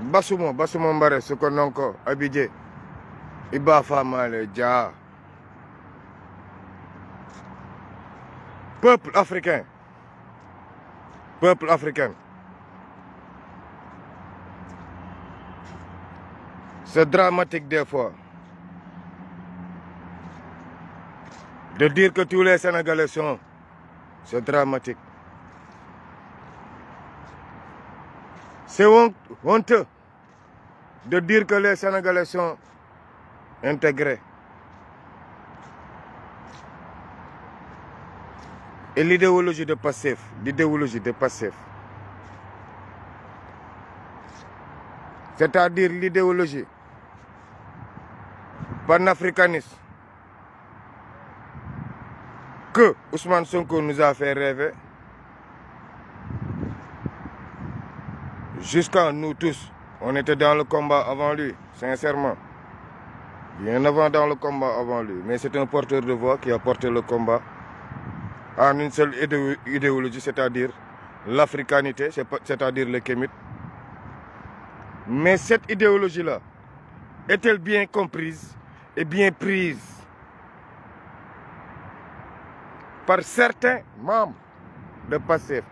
basumo basumo mbare suko nonko abije iba famale dia peuple africain peuple africain c'est dramatique des fois de dire que tous les Sénégalais sont dramatique C'est honteux de dire que les Sénégalais sont intégrés. Et l'idéologie de passif, l'idéologie de passif. C'est-à-dire l'idéologie panafricaniste que Ousmane Sonko nous a jusqu'à nous tous, on était dans le combat avant lui, sincèrement. Bien avant dans le combat avant lui. Mais c'est un porteur de voix qui a porté le combat en une seule idéologie, c'est-à-dire l'africanité, c'est-à-dire le kémite. Mais cette idéologie-là est-elle bien comprise et bien prise par certains membres de PASSEF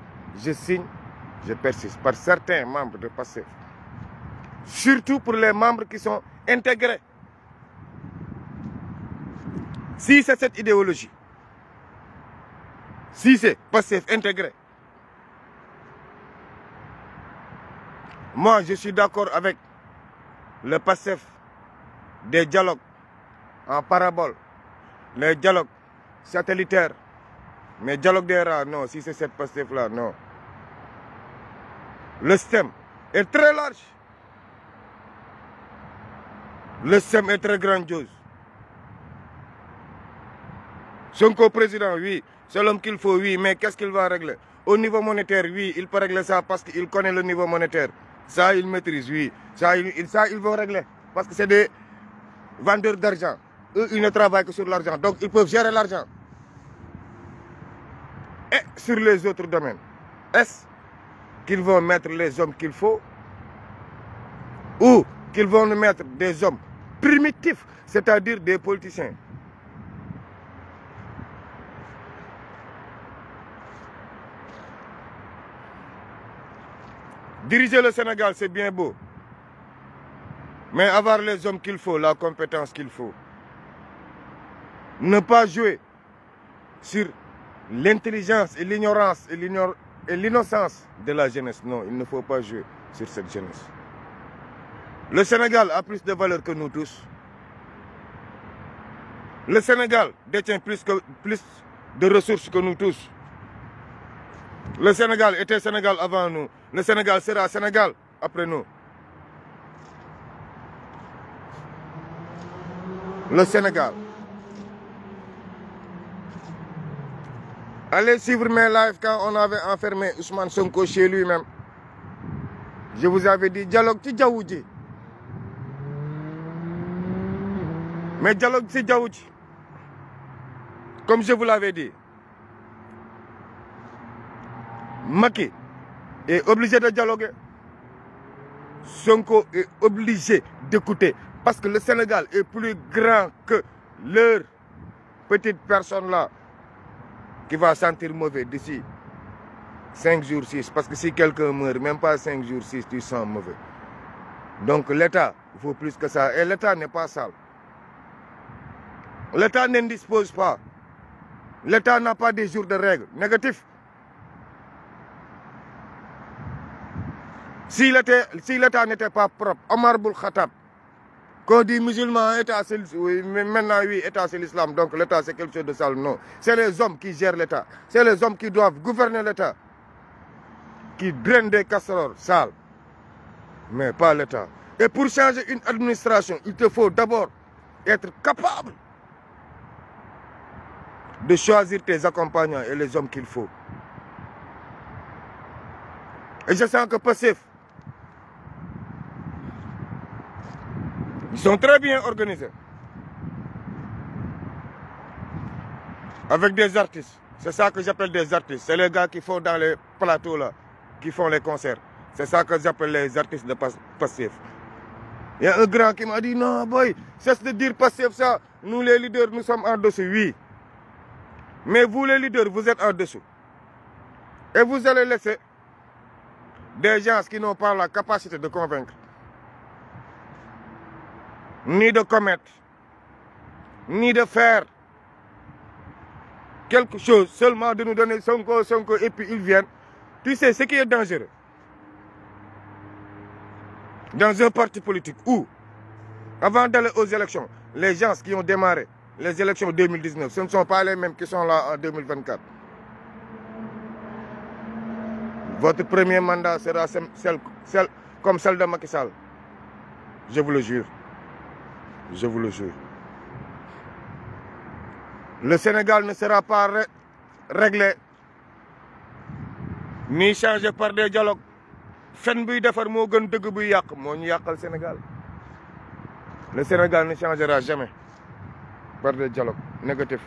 Je signe je persiste, par certains membres de PASSEF, surtout pour les membres qui sont intégrés. Si c'est cette idéologie, si c'est PASSEF intégré, moi je suis d'accord avec le PASSEF des dialogues en parabole, les dialogues satellitaires, mais dialogue des rats, non, si c'est cette PASSEF-là, non. Le système est très large. Le système est très grandiose. Son co-président, oui, c'est l'homme qu'il faut, mais qu'est-ce qu'il va régler Au niveau monétaire, oui, il peut régler ça parce qu'il connaît le niveau monétaire. Ça, il maîtrise, oui. Ça, il, ça, régler parce que c'est des vendeurs d'argent. Eux, ils que sur l'argent. Donc, ils peuvent gérer l'argent. Et sur les autres domaines. qu'ils vont mettre les hommes qu'il faut ou qu'ils vont nous mettre des hommes primitifs, c'est-à-dire des politiciens. Diriger le Sénégal, c'est bien beau. Mais avoir les hommes qu'il faut, la compétence qu'il faut. Ne pas jouer sur l'intelligence et l'ignorance et l'ignorance et l'innocence de la jeunesse. Non, il ne faut pas jouer sur cette jeunesse. Le Sénégal a plus de valeur que nous tous. Le Sénégal détient plus, que, plus de ressources que nous tous. Le Sénégal était Sénégal avant nous. Le Sénégal sera Sénégal après nous. Le Sénégal Allez suivre mais lives quand on avait enfermé Ousmane Sonko chez lui-même. Je vous avais dit dialogue ci jaww ji mais dialogue ci jaww ji comme je vous l'avais dit Macky est obligé de dialoguer Sonko est obligé d'écouter parce que le Sénégal est plus grand que leur petite personne là qui va sentir mauvais d'ici 5 jours 6 parce que si quelqu'un meurt même pas 5 jours 6 tu sens mauvais donc l'État il faut plus que ça et l'État n'est pas sale l'État n'indispose pas l'État n'a pas des jours de règle négatif si l'État si l'État n'était pas propre Omar Boul Khattab Quand on dit musulman, État, c'est oui, maintenant oui, État c'est l'islam, donc l'État c'est quelque chose de sale. Non, c'est les hommes qui gèrent l'État, c'est les hommes qui doivent gouverner l'État, qui drainent des casseroles sales, mais pas l'État. Et pour changer une administration, il te faut d'abord être capable de choisir tes accompagnants et les hommes qu'il faut. Et je sens que passif Ils sont très bien organisés. Avec des artistes. C'est ça que j'appelle des artistes. C'est les gars qui font dans les plateaux là, qui font les concerts. C'est ça que j'appelle les artistes de passif. Il y a un grand qui m'a dit non boy, cesse de dire passif ça. Nous les leaders, nous sommes en dessous, oui. Mais vous les leaders, vous êtes en dessous. Et vous allez laisser des gens qui n'ont pas la capacité de convaincre ni de comète, ni de faire quelque chose, seulement de nous donner Sonko, Sonko, et puis ils viennent. Tu sais ce qui est dangereux Dans un parti politique où, avant d'aller aux élections, les gens qui ont démarré les élections 2019, ce ne sont pas les mêmes qui sont là en 2024. Votre premier mandat sera celle, celle, comme celle de Macky Sall. Je vous le jure. Je le Sénégal ne sera pas ré réglé ni changé par des dialogues fen buy defar moo gën dëgg buy yàq moo ñu yàqal Sénégal le Sénégal ne changera jamais par des dialogues négatif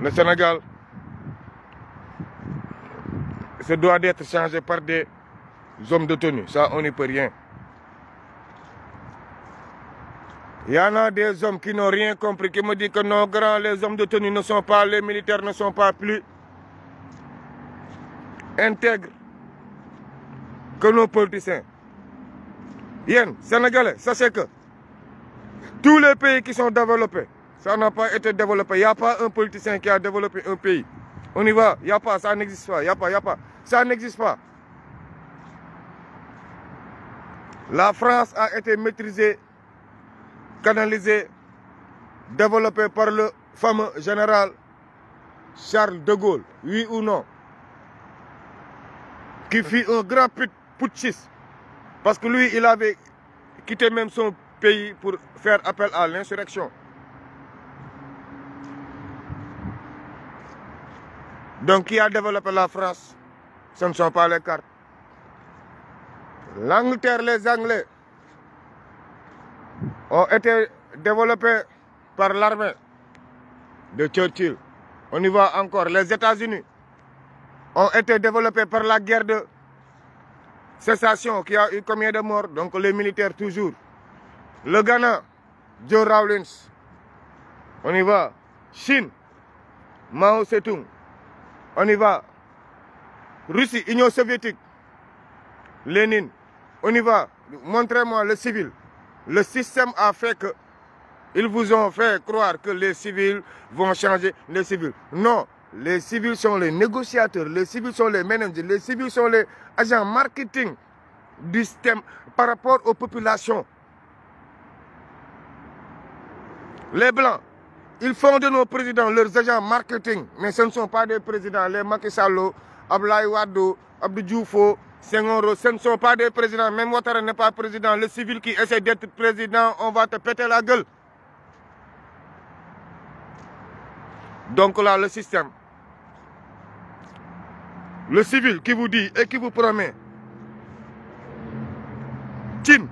le Sénégal se doit d'être changé par des hommes de tenue ça on n'y peut rien Il y des hommes qui n'ont rien compris, qui me disent que nos grands, les hommes de tenue ne sont pas, les militaires ne sont pas plus intègres que nos politiciens. Yen, Sénégalais, sachez que tous les pays qui sont développés, ça n'a pas été développé. Il n'y a pas un politicien qui a développé un pays. On y va, il n'y a pas, ça n'existe pas, il n'y a n'existe pas. La France a été maîtrisée canalisé, développé par le fameux général Charles de Gaulle, oui ou non, qui fit un grand putschiste, parce que lui, il avait quitté même son pays pour faire appel à l'insurrection. Donc qui a développé la France Ce ne pas les cartes. L'Angleterre, les Anglais. on été développé par l'armée de Churchill. On y va encore. Les États-Unis on été développé par la guerre de cessation qui a eu combien de morts Donc les militaires toujours. Le Ghana, Joe Rawlins. On y va. Chine, Mao Zedong. On y va. Russie, Union soviétique, Lénine. On y va. Montrez-moi le civil. Le système a fait que ils vous ont fait croire que les civils vont changer les civils. Non, les civils sont les négociateurs, les civils sont les managers, les civils sont les agents marketing du système par rapport aux populations. Les Blancs, ils font de nos présidents leurs agents marketing, mais ce ne sont pas des présidents. Les Macky Sall, Abdoulaye Wade, Abdou Diouf, Senghor, ce ne sont pas des présidents. Même Ouattara n'est pas président. Le civil qui essaie d'être président, on va te péter la Donc là, le système. Le civil qui vous dit et qui vous promet. Cin.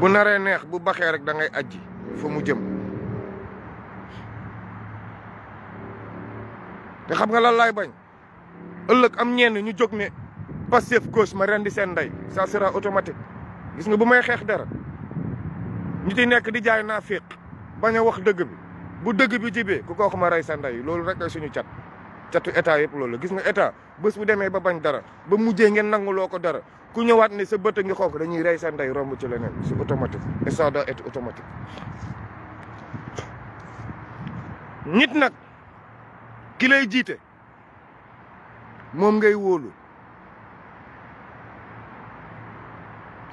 bu naree neex bu baxee rek da ngay ajji fa mu jëm. te xam nga la laay bañ. ëllëg am ñenn ñu jóg ne Pastef gauche ma rendi seen ndey ça sera automatique gis nga bu may xeex dara ñu di nekk di jaay naa féq bañ a wax dëgg bi bu dëgg bi jibee ku kooku ma rey sa loolu rek ay suñu cat catu état yëpp loolu gis nga état bés bu demee ba bañ dara ba mujjee ngeen nanguloo ko dara ku ñëwaat ne sa bët a ngi xonk dañuy rey sa romb ci leneen c'est automatique et ça doit être automatique nit nag ki lay jiite moom ngay wóolu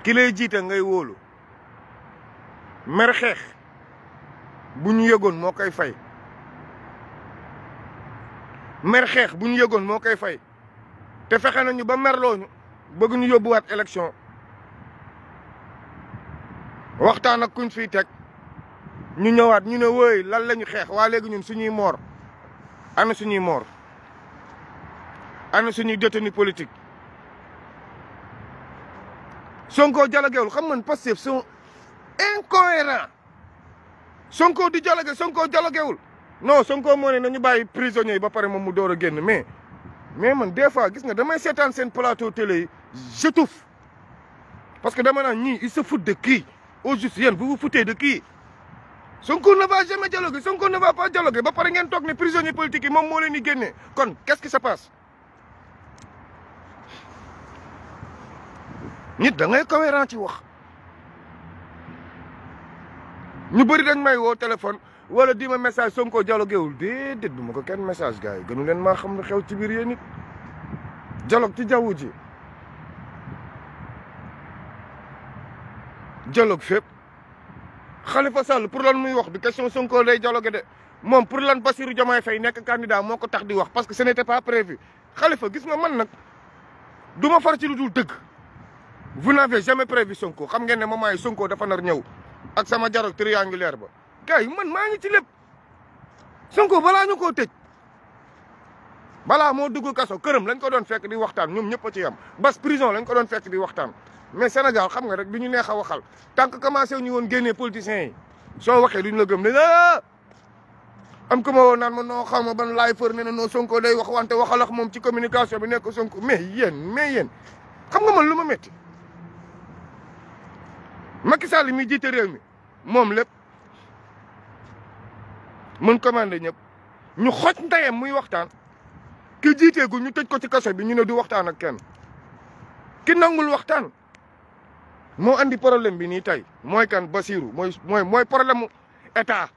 ki lay jiite ngay wóolu mer xeex bu ñu yëgoon moo koy fay mer xeex bu ñu yëgoon moo koy fay te fexe nañu ba merlooñu bëgg ñu yóbbuwaat élection waxtaan ak kuñ fi teg ñu ñëwaat ñu ne wooy lan la ñu xeex waa léegi ñun suñuy moor ana suñuy moor ana suñuy détenu politique Sonko dialoguewul xam man Pastef sont incohérents Sonko di dialogué Sonko dialoguewul non Sonko moo ne nañu bàyyi prisonniers yi ba pare moom mu door a génn mais mais man des fois gis nga damay seetaan seen plateau télé yi j'étouffe parce que dama naan ñii ils se foutent de qui au juste yéen vous vous foutez de qui Sonko ne va jamais dialoguer Sonko ne va pas dialoguer ba pare ne prisonniers politiques yi moom moo leen di génne kon qu'est-ce qui se passe nit da ngay cohérent ci wax ñu bëri dañ may woo téléphone wala di ma message Sonko dialogué wul déedéet du ma ko kenn message gars yi gënu leen maa xam ne xew ci biir yéen nit ci jaww ji dialogue fépp Khalifa Sall pour lan muy wax du question Sonko lay dialogué de moom pour lan Bassirou Diomaye fey nekk candidat moo ko tax di wax parce que ce n'était pas prévu Khalifa gis nga man nag du ma far ci lu dul dëgg vous n'avez jamais prévu Sonko xam ngeen ne moment yi Sonko dafa nar ñëw ak sama jarog triangulaire ba gars yi man maa ngi ci lépp Sonko balaa ñu koo tëj balaa moo dugg kaso këram lañ ko doon fekk di waxtaan ñoom ñëpp a ci yam bas prison lañ ko doon fekk di waxtaan mais Sénégal xam nga rek du ñu neex a waxal tant que commencé ñu woon génnee politiciens yi soo waxee duñ la gëm ne ah! am ku ma woo naan ma noo xaw ma ban laay fër ne na noo Sonko day wax wante waxalax moom ci communication bi nekk Sonko mais yéen mais yéen xam nga man lu ma métti Macky Sall mi jiite réew mi moom lépp mën commandé ñëpp ñu xoj ndeyam muy waxtaan ki jiiteegu ñu tëj ko ci kaso bi ñu ne du waxtaan ak kenn ki nangul waxtaan moo andi problème bi nii tay mooy kan Basirou mooy problème mu état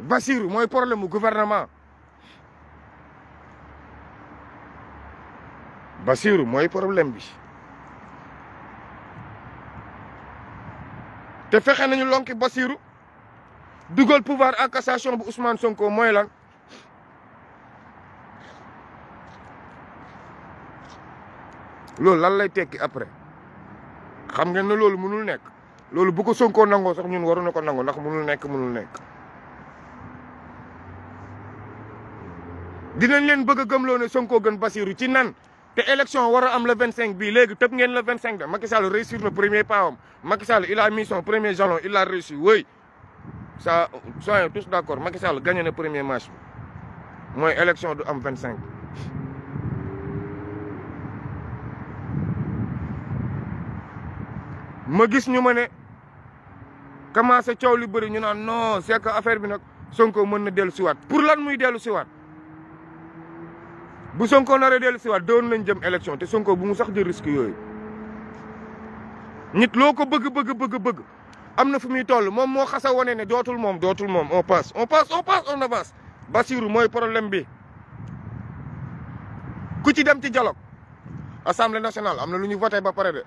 Basirou mooy problème mu gouvernement Basirou mooy problème bi te fexe nañu lonki Bassirou dugal pouvoir en cassation bu Ousmane Sonko mooy lan loolu lan lay tekki après xam ngeen ne loolu mënul nekk loolu bu ko Sonko nangoo sax ñun waru na ko nangoo ndax mënul nekk mënul nekk dinañ leen bëgg a gëmloo ne Sonko gën Bassirou ci nan te élection war a am le 25 bii léegi tëb ngeen la vingt de Macky Sall réussir na premier pas am Macky Sall il a mis son premier jalon il l'a réussi oui ça soyons tous d' accord Macky Sall gagné na premier match bi mooy élection du am 25. ma gis ñu ma ne commencé coow li bëri ñu naan noo c' est que bi nag Sonko mën na dellu siwaat pour lan muy dellu siwaat. bu Sonko naree dellu si waat doon nañ jëm élection te Sonko bu mu sax jël risque yooyu nit loo ko bëgg bëgg bëgg bëgg am na fu muy toll moom moo xasa wone ne dootul moom dootul moom on passe on passe on passe on avance Bassirou mooy problème bi ku ci dem ci dialogue assemblée nationale am na lu ñu voté ba pare de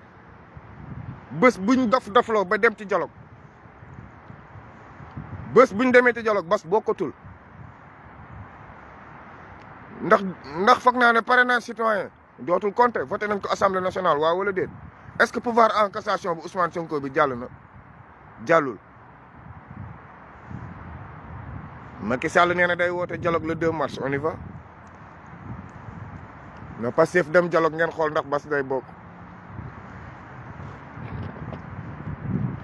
bés buñ dof dofloo ba dem ci dialogue bés buñ demee ci dialogue bas bokkatul ndax ndax foog naa ne pare parrainage citoyen dootul compter voté nañ ko assemblée nationale waaw wala déet est-ce que pouvoir en cassation bu Ousmane Sonko bi jàll na jàllul. Macky Sall nee na day woote dialogue le 2 mars on y va na Pastef dem dialogue ngeen xool ndax Bass day bokk.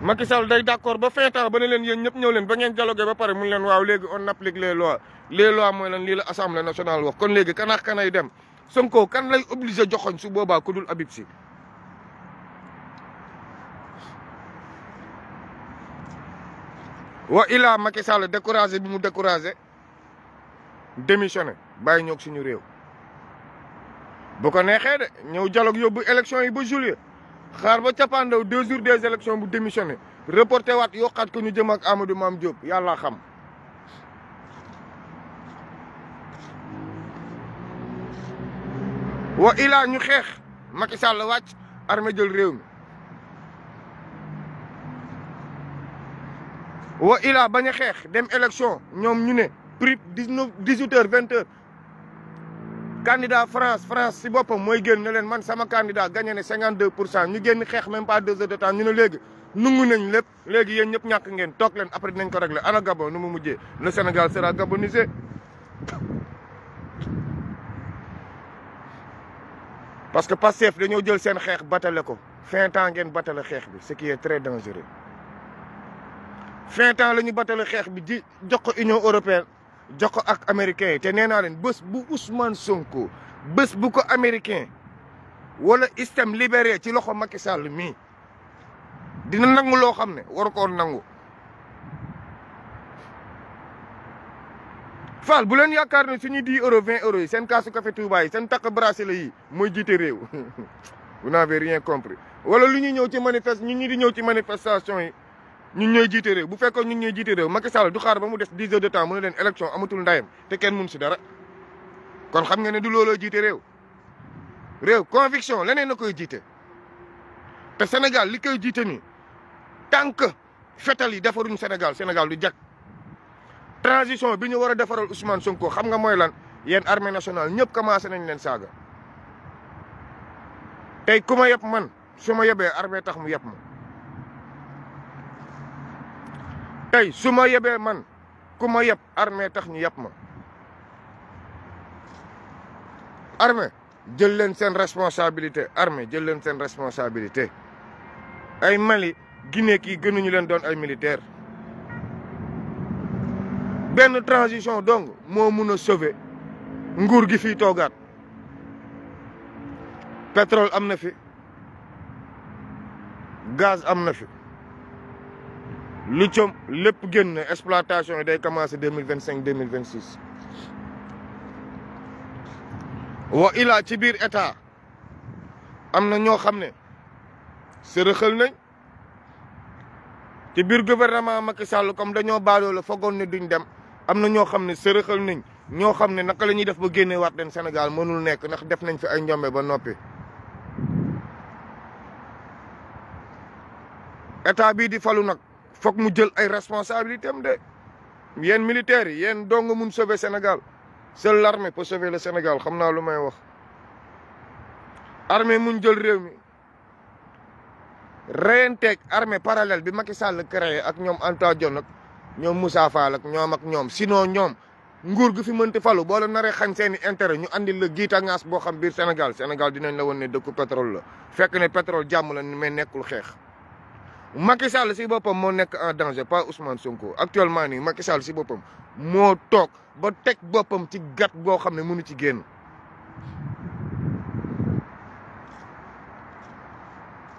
Macky Sall day d' accord ba fin temps ba ne leen yéen ñëpp ñëw leen ba ngeen dialogué ba pare mun leen waaw léegi on applique les lois les lois mooy lan lii la assemblée nationale wax kon léegi kanaax kanay dem Sonko kan lay obligé joxoñ su boobaa ku dul Habib Sy wa ilaa Macky Sall découragé bi mu découragé démissionné bàyyi ñoog suñu réew bu ko neexee de ñëw dialogue yóbbu élection yi ba juillet. xaar ba cappaandaw deux jours des élections bu démissionné reporté waat yokkaat ko ñu jëm ak Amadou Mame Diop yàlla xam. wa ilaa ñu xeex Macky Sall wàcc armée jël réew mi wa ilaa bañ a xeex dem élection ñoom ñu ne prix dix neuf dix candidat France France si boppam mooy génn ne leen man sama candidat gagné ne 52 pour cent ñu génn xeex même pas deux heures de temps ñu ne léegi nungu nañ lépp léegi yéen ñëpp ñàkk ngeen toog leen après dinañ ko réglé ana Gabon nu mu mujjee le Sénégal sera gabonisé. parce que Pastef dañoo jël seen xeex batale ko fin ans ngeen batale xeex bi ce qui est très dangereux fin temps la ñu batale xeex bi di jox ko Union européenne. jox ko ak américain yi te nee naa leen bés bu Ousmane Sonko bës bu ko américain wala système libéré ci loxo Macky Sall mii dina nangu loo xam ne waru ko nangu. Fall bu leen yaakaar ne suñuy dix euros vingt euros yi seen kaasu café Touba yi seen takk bracelet yi mooy jiite réew vous n'avez rien compris wala lu ñuy ñëw ci manifeste ñun ñi di ñëw ci manifestation yi. ñun ñooy jiite réew bu fekkoon ñu ñooy jiite réew Macky du xaar ba mu des dix heures de temps mu ne leen élection amatul ndayam te kenn mun si dara kon xam nga ne du looloo jiite réew réew conviction leneen na koy jiite te Sénégal li koy jiite nii tant que fetal yi defaruñ Sénégal Sénégal du jag transition bi ñu war a defaral Ousmane Sonko xam nga mooy lan yéen armée nationale ñëpp commencé nañ leen saaga tey ku ma man su ma yebee armée tax mu yeb ma tey su ma yebee man ku ma yeb armée tax ñu yeb ma armée jël leen seen responsabilité armée jël leen seen responsabilité ay Mali Guinée kii gënuñu leen doon ay militaire benn transition donc moo mun a sauver nguur gi fi toogaat pétrole am na fi gaz am na fi lu com lépp génn exploitation yi day commencé deux mille vingt cinq deux mille wa ilaa ci biir état am na ñoo xam ne sërëxal nañ ci biir gouvernement Macky Sall comme dañoo baaloo fogoon ne duñ dem am na ñoo xam ne sërëxal nañ ñoo xam ne naka la ñuy def ba génne waat leen Sénégal mënul nekk ndax def nañ fi ay njombe ba noppi. état bii di falu nag. foog mu jël ay responsabilités am de yéen militaires yi yéen doo mun sauver Sénégal seule l'armée peut sauver la Sénégal xam naa lu may wax. armée mun jël réew mi reyanteeg armée parallèle bi i Sall créé ak ñoom Anta Diop nag ñoom Moussa Fall ak ñoom ak ñoom sinon ñoom. nguur gu fi mënti falu boo la naree xañ seeni intérêt ñu andil la giitangaas boo xam biir Sénégal Sénégal dinañ la woon ne dëkku pétrole la fekk ne pétrole jàmm la mais nekkul xeex Macky Sall si boppam moo nekk en danger pas Ousmane Sonko actuellement ni Macky Sall si boppam moo toog ba teg boppam ci gat boo xam ne mënu ci génn.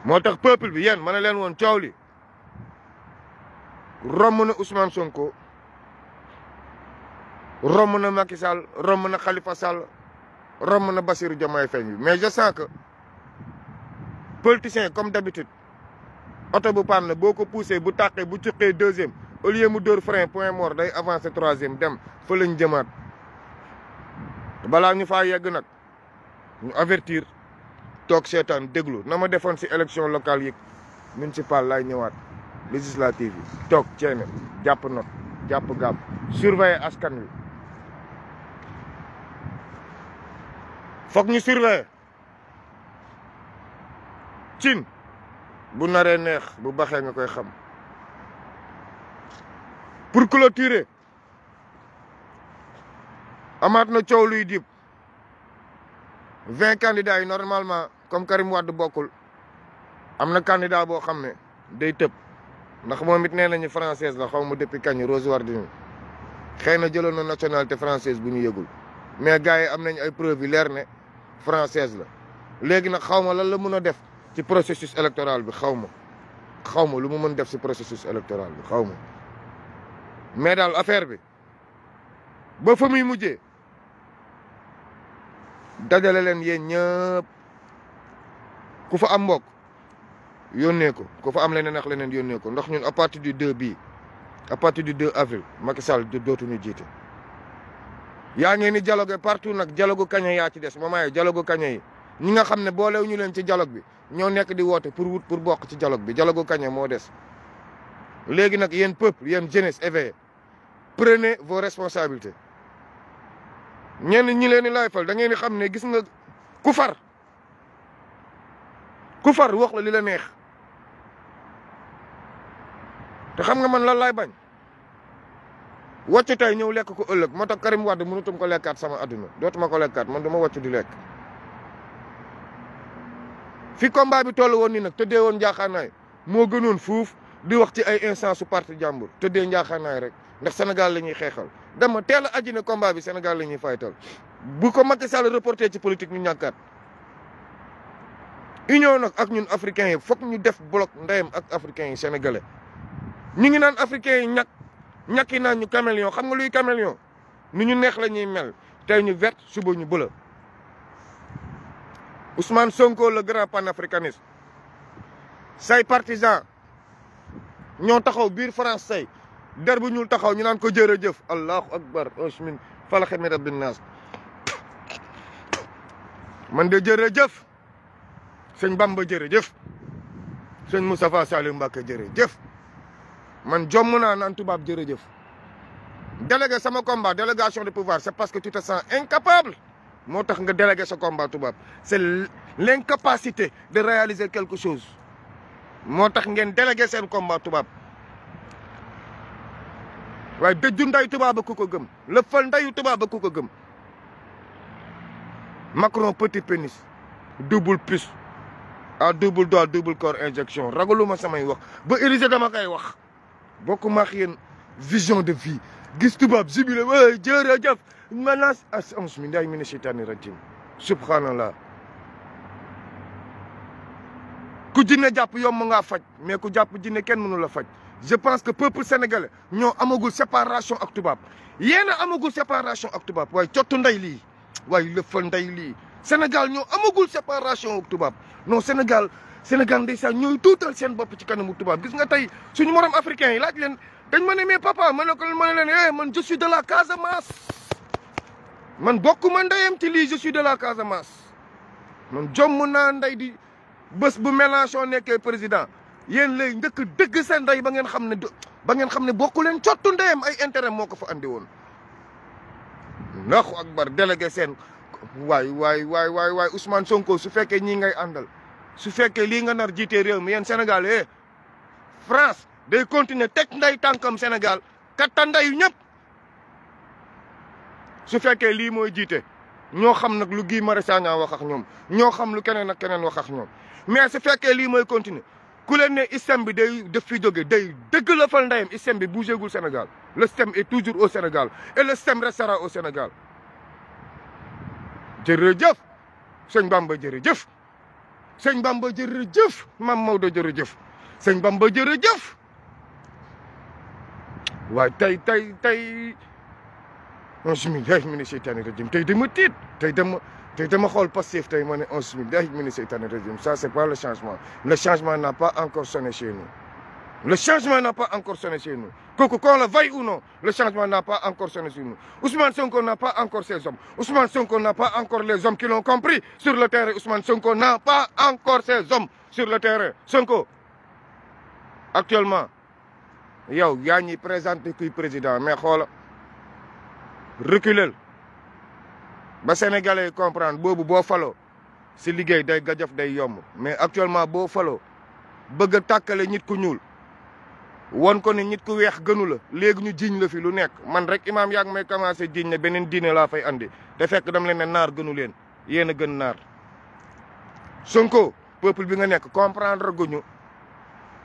moo tax peuple bi yéen ma ne leen woon coow li romb na Ousmane Sonko romb na Macky Sall romb na Khalifa Sall romb na Bassirou Diomaye Faye mais je sens que politiciens comme d'habitude oto bu panne na boo ko poussé bu tàqee bu cuqee deuxième au mu dóor frein point mort day avancé troisième dem fa lañ jëmaat balaa ñu faa yegg nag ñu avertir toog seetaan déglu na ma defoon si élection locale yi municipal laay ñëwaat législative yi toog ceene jàpp not jàpp gàpp surveiller askan wi foog ñu surveiller cin bu naree neex bu baxee nga koy xam pour clôturer amaat na cow luy dib vingt candidats yi normalement comme Karim Wade bokkul am na candidat boo xam ne day tëb ndax moom it nee nañu francaise la xaw ma depuis kañ Rose Wardini xëy na jëloon na nationalité française bu ñu yëgul mais gars yi am nañ ay preuve yu leer ne française la léegi nag xaw ma lan la mën a def ci processus électoral bi xaw ma xaw ma lu mu mën def si processus électoral bi xaw ma mais daal affaire bi ba fa muy mujjee dajale leen yéen ñëpp ku fa am mbokk yónnee ko ku fa am leneen ak leneen yónnee ko ndax ñun à partir du 2 bi à partir du 2 avril Macky Sall dootuñu jiite. yaa ngeen ni dialogue partout nak dialogue kaña yaa ci des mamaay dialogue kaña yi. ñi nga xam ne boolewu ñu leen ci dialogue bi ñoo nekk di woote pour wut pour bokk ci dialogue bi dialogue gu kañe moo des. léegi nag yéen peuple yéen jeunesse éveillé prenez vos responsabilités ñenn ñi leen di layfal da ngeen di xam ne gis nga ku far ku far wax la li la neex te xam nga man lan laay bañ wàccu tey ñëw lekk ku ëllëg moo tax Karim Wade mënutum ko lekkaat sama adduna dootuma ko lekkaat man du ma wàccu di lekk. fi combat bi toll woon nii nag tëddee woon njaaxaanaay moo gënoon fuuf di wax ci ay instance su parti jàmbur tëddee njaaxaanaay rek ndax Sénégal la ñuy xeexal dama teel a aji ne combat bi Sénégal la ñuy faytal bu ko mag Sall reporté ci politique ñu ñàkkaat union nag ak ñun africains yi foog ñu def bloc ndeyam ak africains yi sénégalais ñu ngi naan africains yi ñàkk ñàkki naan ñu caméléon xam nga luy caméléon nu ñu neex la ñuy mel te ñu vert suba ñu bëla Ousmane Sonko le grand panafricaniste say partisan ñoo taxaw biir France say bu ñuul taxaw ñu naan ko jërëjëf allahu akbar osmin falaxe mi rabbin naas man de jërëjëf sëñ Bamba jërëjëf sëñ Moustapha Saliou Mbacké jërëjëf man jomm naa naan tubaab jërëjëf délégué sama combat délégation de pouvoir c'est parce que tu te sens incapable moo tax nga délégué sa combat tubaab c'est l'incapacité de réaliser quelque chose moo tax ngeen délégué seen combat tubaab waaye dëjju nday tubaab ku ko gëm lëfal ndayu tubaab ku ko gëm Macron petit pénis double puce à double doigt double corps injection ragaluma samay wax ba érigé dama koy wax bokkuma ak yéen vision de vie gis tubaab jibile way jërëjëf manas asans mi ndaay mi ne seytaani rajim subhanallah ku jinne jàpp yomb ngaa faj mais ku jàpp jinne kenn mënu la faj je pense que peuple sénégalais ñoo amagul séparation ak tubaab yéen amagul séparation ak tubaab waaye cottu ndey lii waaye lëfal ndey lii Sénégal ñoo amagul séparation ak tubaab non Sénégal Sénégal ndeysaan ñooy tuutal seen bopp ci kanamu tubaab gis nga tey suñu morom africain yi laaj leen dañ ma ne mais papa ma ne ko ma ne leen eh man je suis de la Casamance man bokk ma ndeyam ci lii je de la Casamance man jomm naa ndey di bés bu Mélenchon nekkee président yéen lay njëkk dëgg seen ndey ba ngeen xam ne ba ngeen xam ne bokku leen cottu ndeyam ay intérêt moo ko fa andi woon ndax akbar délégué seen waay waay waay waay waay Ousmane Sonko su fekkee ñii ngay àndal su fekkee lii nga nar jiitee réew mi yéen Sénégal eh France day continuer teg nday tànkam Sénégal katta ndeyu ñëpp su fekkee lii mooy jiite ñoo xam nag lu Guy Marius Sagna wax ak ñoom ñoo xam lu keneen ak keneen wax ak ñoom mais su fekkee lii mooy continuer ku leen ne système bi day def fi jóge day dëgg la fal ndeyam bi bougé gul Sénégal le système est toujours au Sénégal et le système restera au Sénégal jërëjëf sëñ mbamba jërëjëf sëñ Bamba jërëjëf Mame Maodo jërëjëf sëñ Bamba jërëjëf waaye tey tey tey onze mille yaay mi ne seytaane rajim tey dama tiit tey dama tey dama xool passif tey ma ne onze mille yaay mi ne seytaane rajim ça c'est pas le changement le changement n'a pas encore sonné chez nous le changement n'a pas encore sonné chez nous kooku qu'on le veuille ou non le changement n'a pas encore sonné chez nous Ousmane Sonko n'a pas encore ses hommes Ousmane Sonko n'a pas encore les hommes qui l'ont compris sur le terrain Ousmane Sonko n'a pas encore ses hommes sur le terrain Sonko actuellement yow yaa ñuy présenté kuy président mais xoola reculel ba sénégalais yi comprendre boobu boo falo si liggéey day gajof day yomb mais actuellement boo faloo bëgg a tàkkale nit ku ñuul won ko ni nit ku weex gënu la léegi ñu jiiñ la fi lu nekk man rek imaam yaa ngi may commencé jiiñ ne beneen diine laa fay andi te fekk dam leen ne naar gënu leen yéen a gën naar Sonko peuple bi nga nekk comprendre ñu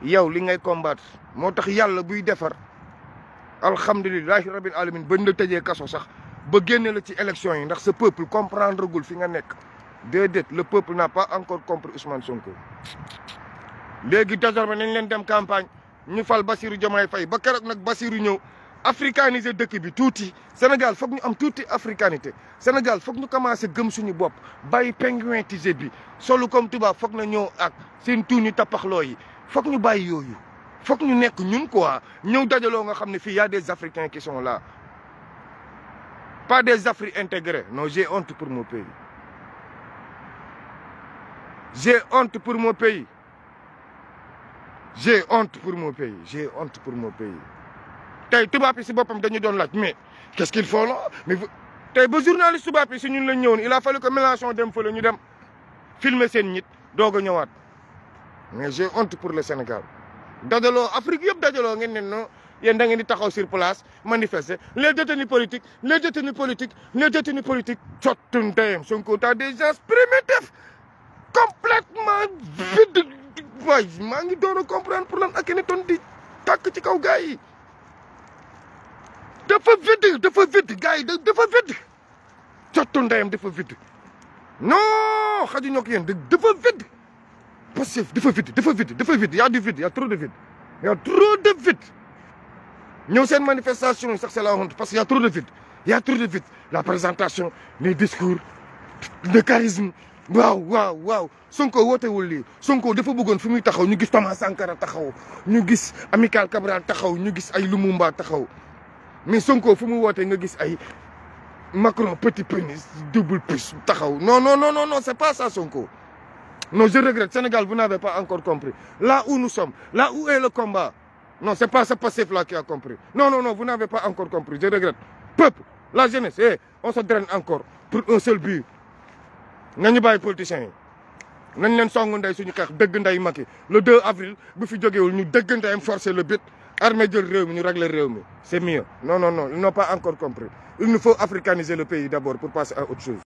yow li ngay combattre moo tax yàlla buy defar alhamdulilahi rabbil alamin ba la tëjee kaso sax ba génne la ci élection yi ndax sa peuple comprendre gul fi nga nekk déedéet le peuple n'a pas encore compris Ousmane ko léegi désormais nañ leen dem campagne ñu fal Bassirou Diomaye fay ba keroog nag Bassirou ñëw africaniser dëkk bi tuuti Sénégal foog ñu am tuuti africanité Sénégal foog ñu commencé gëm suñu bopp bàyyi pingouintisé bi solo comme tubaab foog na ñëw ak seen tuuti tapaxloo yi. foog ñu bàyyi yooyu foog ñu nekk ñun quoi ñëw dajaloo nga xam ne fii y des africains qui la là pas des afri intégrés non j'ai honte pour mon pays j'ai honte pour mo pays j'ai honte pour mon pays j'ai honte pour mon pays tey tubaab si boppam dañu doon laaj mais qu'est-ce qu'il faut là mais tey ba journaliste tubaab yi si ñun lañ ñëwoon il a fallu que Mélenchon dem fële ñu dem filmer seen ñit doog a ñëwaat mais j'ai honte pour le Sénégal dajaloo Afrique yëpp dajaloo ngeen ne non yéen da ngeen di taxaw sur place manifester les détenus politiques les détenus politiques les détenus politiques cottu ndeyam Sonko tas des gens primitifs complètement vide waay maa ngi doon a comprendre pour la ak yéen ton di tàkk ci kaw gars yi dafa vide dafa vide gars yi dafa vide cottu ndeyam dafa vide non xaju ñoo ko dafa vide Pastef dafa vide dafa vide dafa vide y a du vide y a trop de vide y trop de vide ñëw seen manifestation sax c'est la honte parce que y a trop de vide y a trop de vide la présentation les discours le charisme waaw waaw waaw Sonko wootewul lii Sonko dafa bëggoon fi muy taxaw ñu gis Thomas Sankara taxaw ñu gis Amical Cabral taxaw ñu gis ay Lumumba taxaw mais Sonko fu mu wootee nga gis ay Macron petit pénis double puce taxaw non non non non non c'est pas ça Sonko Non, je regrette. Sénégal, vous n'avez pas encore compris. Là où nous sommes, là où est le combat. Non, c'est pas ce passif-là qui a compris. Non, non, non, vous n'avez pas encore compris. Je regrette. Peuple, la jeunesse, eh, on se draine encore pour un seul but. Nous pas les politiciens. nañ leen songu ndey suñu xeex dëgg ndey Macky le 2 avril bu fi jógewul ñu dëgg ndeyam forcer le but armée jël réew mi ñu régler réew mi c'est mieux non non non ils n'ont pas encore compris